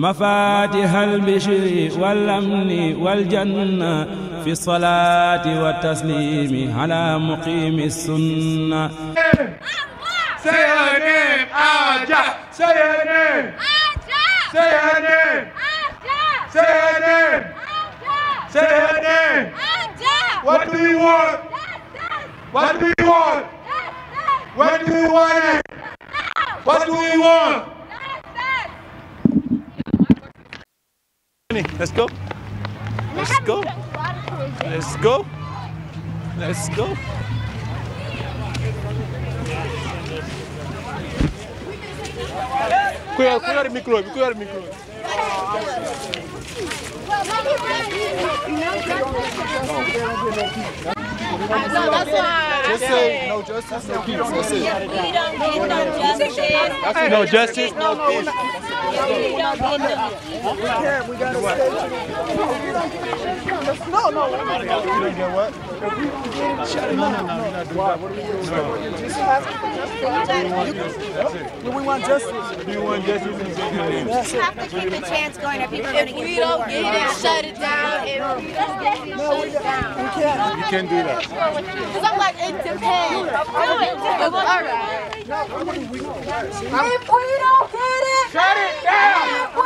mafatih albishri walamni waljanna fi lsalati waltaslimi ala muqimi sunna Seyhanım Ağaca Seyhanım Ağaca Seyhanım Ağaca Seyhanım Ağaca Seyhanım Ağaca What do you want? What do you want? When do you want it? What do you want? Tiffany, let's go. Let's go. Let's go. Let's go. ku yor ku yor micro bi ku yor micro bi. Just say no justice, no peace. That's it. No justice, no peace. We can't. We gotta stay. No, no. You don't get what? If we get shut no, no, no, no. Why? What are we doing? No. Just have to. Justice. That's it. No, we want justice. You want justice? That's it. You have to keep a chance going if you're going to get If we don't get it, shut it down. If we don't get it, shut it down. We can't. You can't do that. Because I'm like, it depends. Do it. All right. If we don't get it. Shut it down!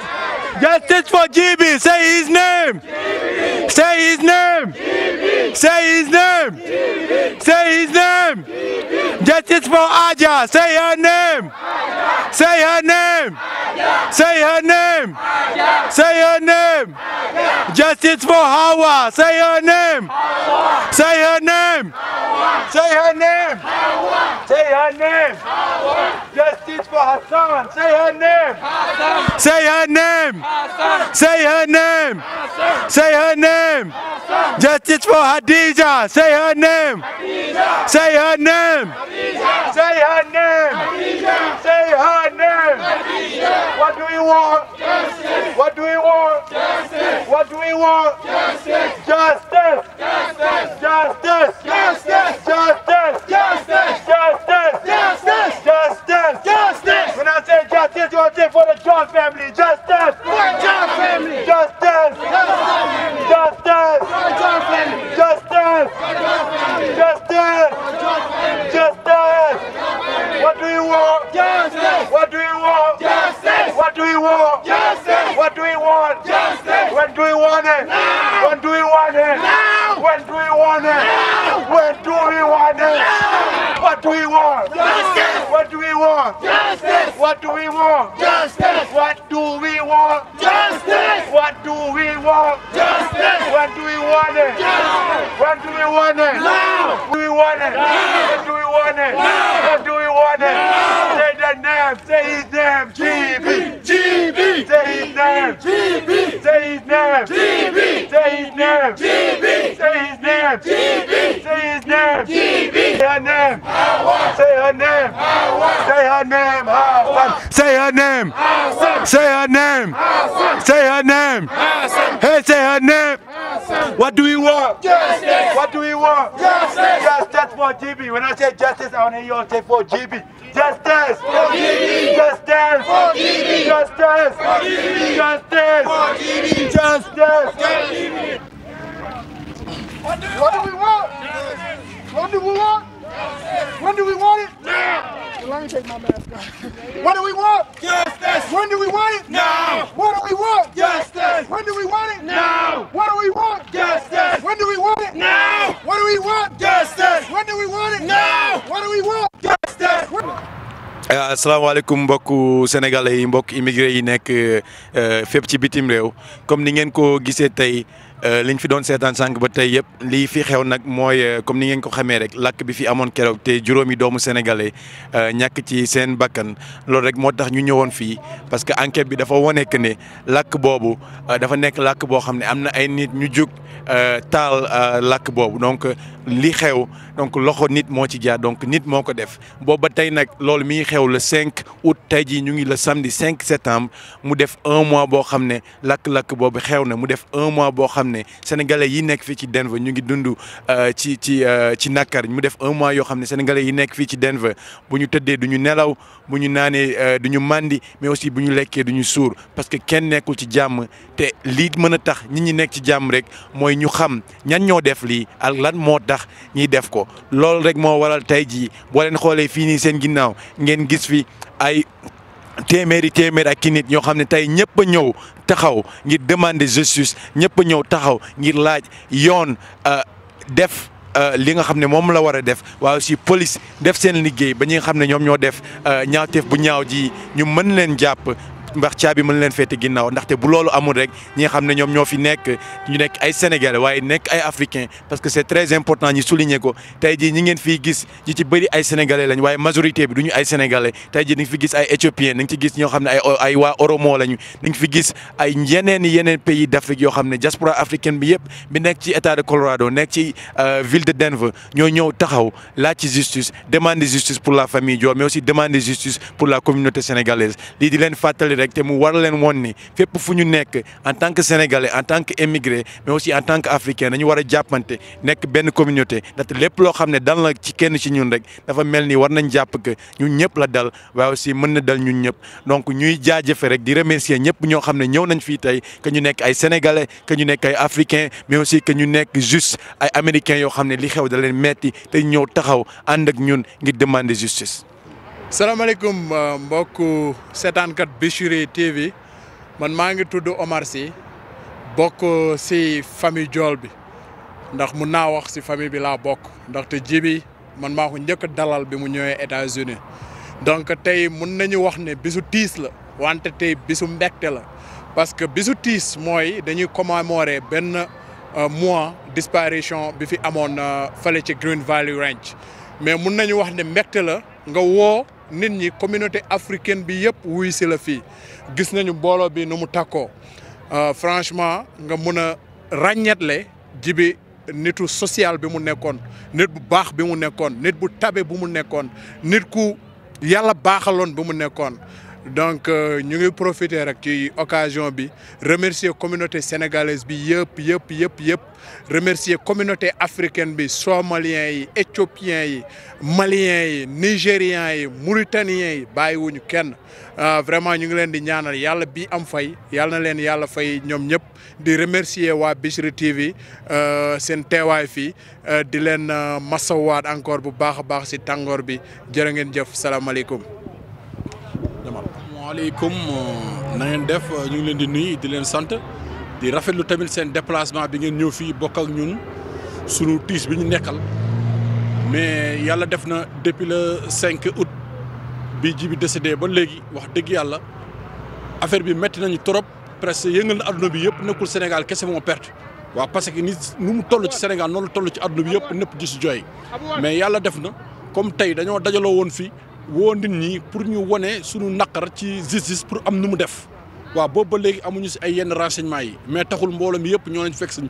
Justice for GB. Say his name. GB. Say his name. GB. Say his name. Justice for Aja. Say her name. Aja. Say her name. Aja. Say her name. Justice for Hawa. Say her name. Hawa. Say her name. Hawa. Say her name. Hawa. Say her name. Hawa. Justice for Hassan. Say her name. Hassan. Say her name. Hassan. Say her name. Hassan. Say her name. Hassan. Justice for Hadija. Say her name. Hadija. Say her name. What do we want? Justice. Justice. Justice. Justice. Justice. Justice. Justice. Justice. Justice. for the John family. justice. Now. When do we want it? Now. When do we want it? Now. When do we want it? Now. What do we want? Justice. What do we want? Justice. What do we want? Justice. What do we want? Justice. What do we want? Justice. When do we want it? Justice. When do we want it? Now. Do we want it? Now. When do we want it? Now. When do we want it? Now. Say the name. Say his name. GB. Say his name. GB. Say his name. GB. Say his name. GB. Say his name. GB. Say his name. GB. Say her name. Say her name. Say her name. Say her name. Say her name. Say her name. Hey, say her name. What do we want? Justice. What want? Justice! Justice for GB. When I say justice, I want to hear you say for GB. Justice! For GB! Justice! For GB! Justice! For GB! Justice! For GB! Justice! For GB! What do we want? When do we want? When do we want it? Now! Let me take my mask off. What do we want? Justice. When do we want it? Now. What do we want? Justice. When do we want it? Now. What do we want? Justice. When do we want it? Now. What do we want? Justice. When do we want it? Now. What do we want? Justice. Uh, asalaamaaleykum mbokku sénégalais yi mbokk immigré yi nekk uh, fépp ci bitim réew comme ni ngeen ko gisee tey. Euh, liñ fi doon seetaan sànq ba tey yëpp lii fi xew nag mooy euh, comme ni ngeen ko xamee rek lakk bi fi amoon keroog te juróomi doomu sénégalais euh, ñàkk ci seen bakkan loolu rek moo tax ñu ñëwoon fii parce que enquête bi dafa wone ne lakk boobu dafa nekk làkk boo xam ne am na ay nit ñu jug taal lakk boobu donc li xew. donc loxo nit moo ci jaar donc nit moo ko def booba tey nag loolu mi xew la 5 août tey jii ñu ngi le samedi 5 septembre mu def un mois boo xam ne lakk-lakk boobu xew na mu def un mois boo xam ne sénégalais yi nekk fii ci Denver ñu ngi dund euh, ci ci euh, ci nakar mu def un mois yoo xam ne sénégalais yi nekk fii ci Denver bu ñu tëddee du ñu nelaw bu ñu naanee euh, du ñu màndi mais aussi bu ñu lekkee du ñu suur parce que kenn nekkul ci jàmm te lii mën a tax ñi ñi nekk ci jàmm rek mooy ñu xam ñan ñoo def lii ak lan moo tax ñiy def ko loolu rek moo waral tey jii boo leen xoolee fii nii seen ginnaaw ngeen gis fi ay téeméeri téeméer ak ki nit ñoo xam ne tey ñëpp ñëw taxaw ngir demander justice ñëpp a ñëw taxaw ngir laaj yoon euh, def euh, li nga xam ne moom la war a def waaye aussi police def seen liggéey ba ñu xam ne ñoom ñoo def euh, ñaawteef bu ñaaw ji ñu mën leen jàpp ndax caabi mën leen feete ginnaaw ndaxte bu loolu amul rek ñi xam ne ñoom ñoo fi nekk ñu nekk ay sénégalais waaye nekk ay africains parce que c'est très important ñu souligner ko tey jii ñi ngeen fiy gis ñi ci bëri ay sénégalais lañ waaye majorité bi du ñu ay sénégalais tey jii di nga fi gis ay éthiopiens di nga ci gis ñoo xam ne ay ay waa oromo lañu di nga fi gis ay yeneen yeneen pays d'Afrique yoo xam ne diaspora africaine bi yëpp bi nekk ci état de Colorado nekk ci euh, ville de Denver ñoo ñëw taxaw laaj ci justice demande justice pour la famille Dior mais aussi demande justice pour rek te mu war leen woon ni fépp fu ñu nekk en tant que sénégalais en tant que émigré mais aussi en tant que africain dañu war a jàppante nekk benn communauté ndaxte lépp loo xam ne dal nag ci kenn ci ñun rek dafa mel ni war nañ jàpp que ñun ñëpp la dal waaye aussi mën na dal ñun ñëpp donc ñuy jaajëfe rek di remercier ñëpp ñoo xam ne ñëw nañ fii tey que ñu nekk ay sénégalais que ñu nekk ay africain mais aussi que ñu nekk juste ay américain yoo xam ne li xew da leen metti te ñëw taxaw ànd ak ñun ngir demander justice salaamaaleykum euh, mbokku seetaankat Bichri TV man maa ngi tudd Omar bokk si famille Jool bi ndax mun naa wax si famille bi la bokk ndaxte ji bi man maa ko njëkk dalal bi mu ñëwee États-Unis donc tey mun nañu wax ne bisu tiis la wante tey bisu mbégte la parce que bisu tiis mooy dañuy commémorer benn euh, mois disparition bi fi amoon euh, fale ci Green Valley Ranch mais mun nañu wax ne mbégte la nga woo nit ñi communauté africaine bi yëpp wuy si la fii gis nañu mbooloo bi nu mu takkoo euh, franchement nga mun a ràññetle jibi nitu social bi mu nekkoon nit bu baax bi mu nekkoon nit bu tabe bi mu nekkoon nit ku yàlla baaxaloon bi mu nekkoon donc euh, ñu ngi profiter rek ci occasion bi remercier communauté sénégalaise bi yëpp yëpp yëpp yëpp remercier communauté africaine bi somalien yi éthiopien yi malien yi nigérian yi mauritanien yi bàyyiwuñu kenn euh, vraiment ñu ngi leen di ñaanal yàlla bi am fay yàlla na leen yàlla fay ñoom ñëpp di remercier waa Bichri TV euh, seen teewaay fii di leen masawaat encore bu baax a baax si tàngoor bi jërë ngeen jëf salaamaaleykum asalaamaaleykum euh, na ngeen def euh, ñu ngi leen di nuyu di leen sant di rafetlu tamit seen déplacement bi ngeen ñëw fii bokk ak ñun sunu tiis bi ñu nekkal mais yàlla def na depuis le 5 août bi ji bi décédé ba léegi wax dëgg yàlla affaire bi metti nañu trop presque yëngal na adduna bi yëpp nekkul Sénégal kese moo perte. waaw parce que ni nu mu toll ci Sénégal noonu la toll ci adduna bi yëpp népp di si jooy mais yàlla def na comme tey dañoo dajaloo woon fii. woo nit ñi pour ñu wane suñu naqar ci justice pour am nu mu def waaw boobu ba léegi amuñu si ay yenn renseignements yi mais taxul mbooloo mi yëpp ñoo leen fekk si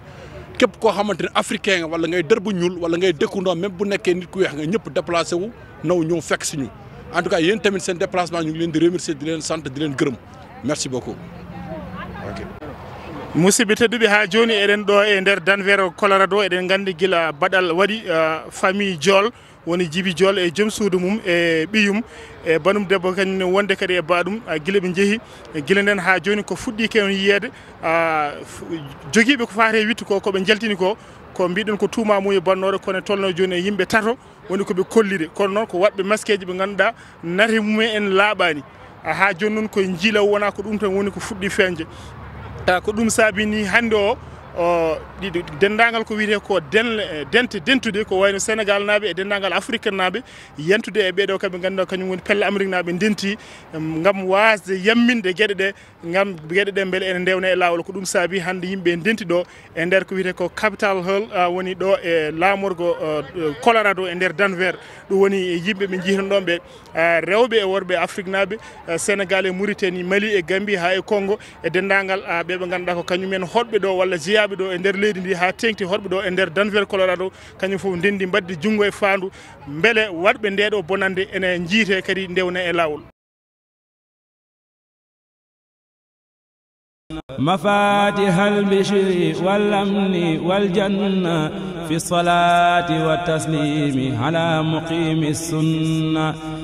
képp koo xamante ne africain wala ngay dër bu ñuul wala ngay dëkku ndoom même bu nekkee nit ku weex nga ñëpp déplacé wu naw ñëw fekk si ñu en tout cas yéen tamit seen déplacement ñu ngi leen di remercier di leen sant di leen gërëm merci beaucoup. musidɓe tedduɓe ha joni eɗen ɗo e nder danvere colorado eɗen gandi guila baɗal waɗi euh, famille diol woni djibi diol e joom suudu mum e ɓiyum e banum debbo kañumne wonde kadi e baɗum guila ɓe jeehi e guila nden ha joni ko fuɗɗi kewon yiyede joguiɓe ko fate wittu ko koɓe jaltini ko ko mbiɗen ko tumamuye bannoɗo kono e tolno joni e yimɓe tato woni koɓe kolliri kono noon ko watɓe masqueji ɓe ganduɗa nati mumen en laaɓani ha joni noon koye jiilaw wona ko ɗum tan woni ko fuɗɗi feñde ko ɗum saabi ni o ɗiɗo ko wiyete ko dente dentude ko wayno sénégal naaɓe e denndaangal africaine naaɓe yentude e ɓeeɗo e ɗo e ndeer ko wiyete ko hoɗɓe ɗo walla jeya jeeyaɓe ɗo e nder leydi ndi ha tengti horɓe ɗo e nder danvel colorado kañum fof ndendi mbaddi junggo e fandu beele watɓe ndeɗo bonande ene jiite kadi ndewna e lawol مفاتيح البشر والأمن والجنة في الصلاة والتسليم على مقيم السنة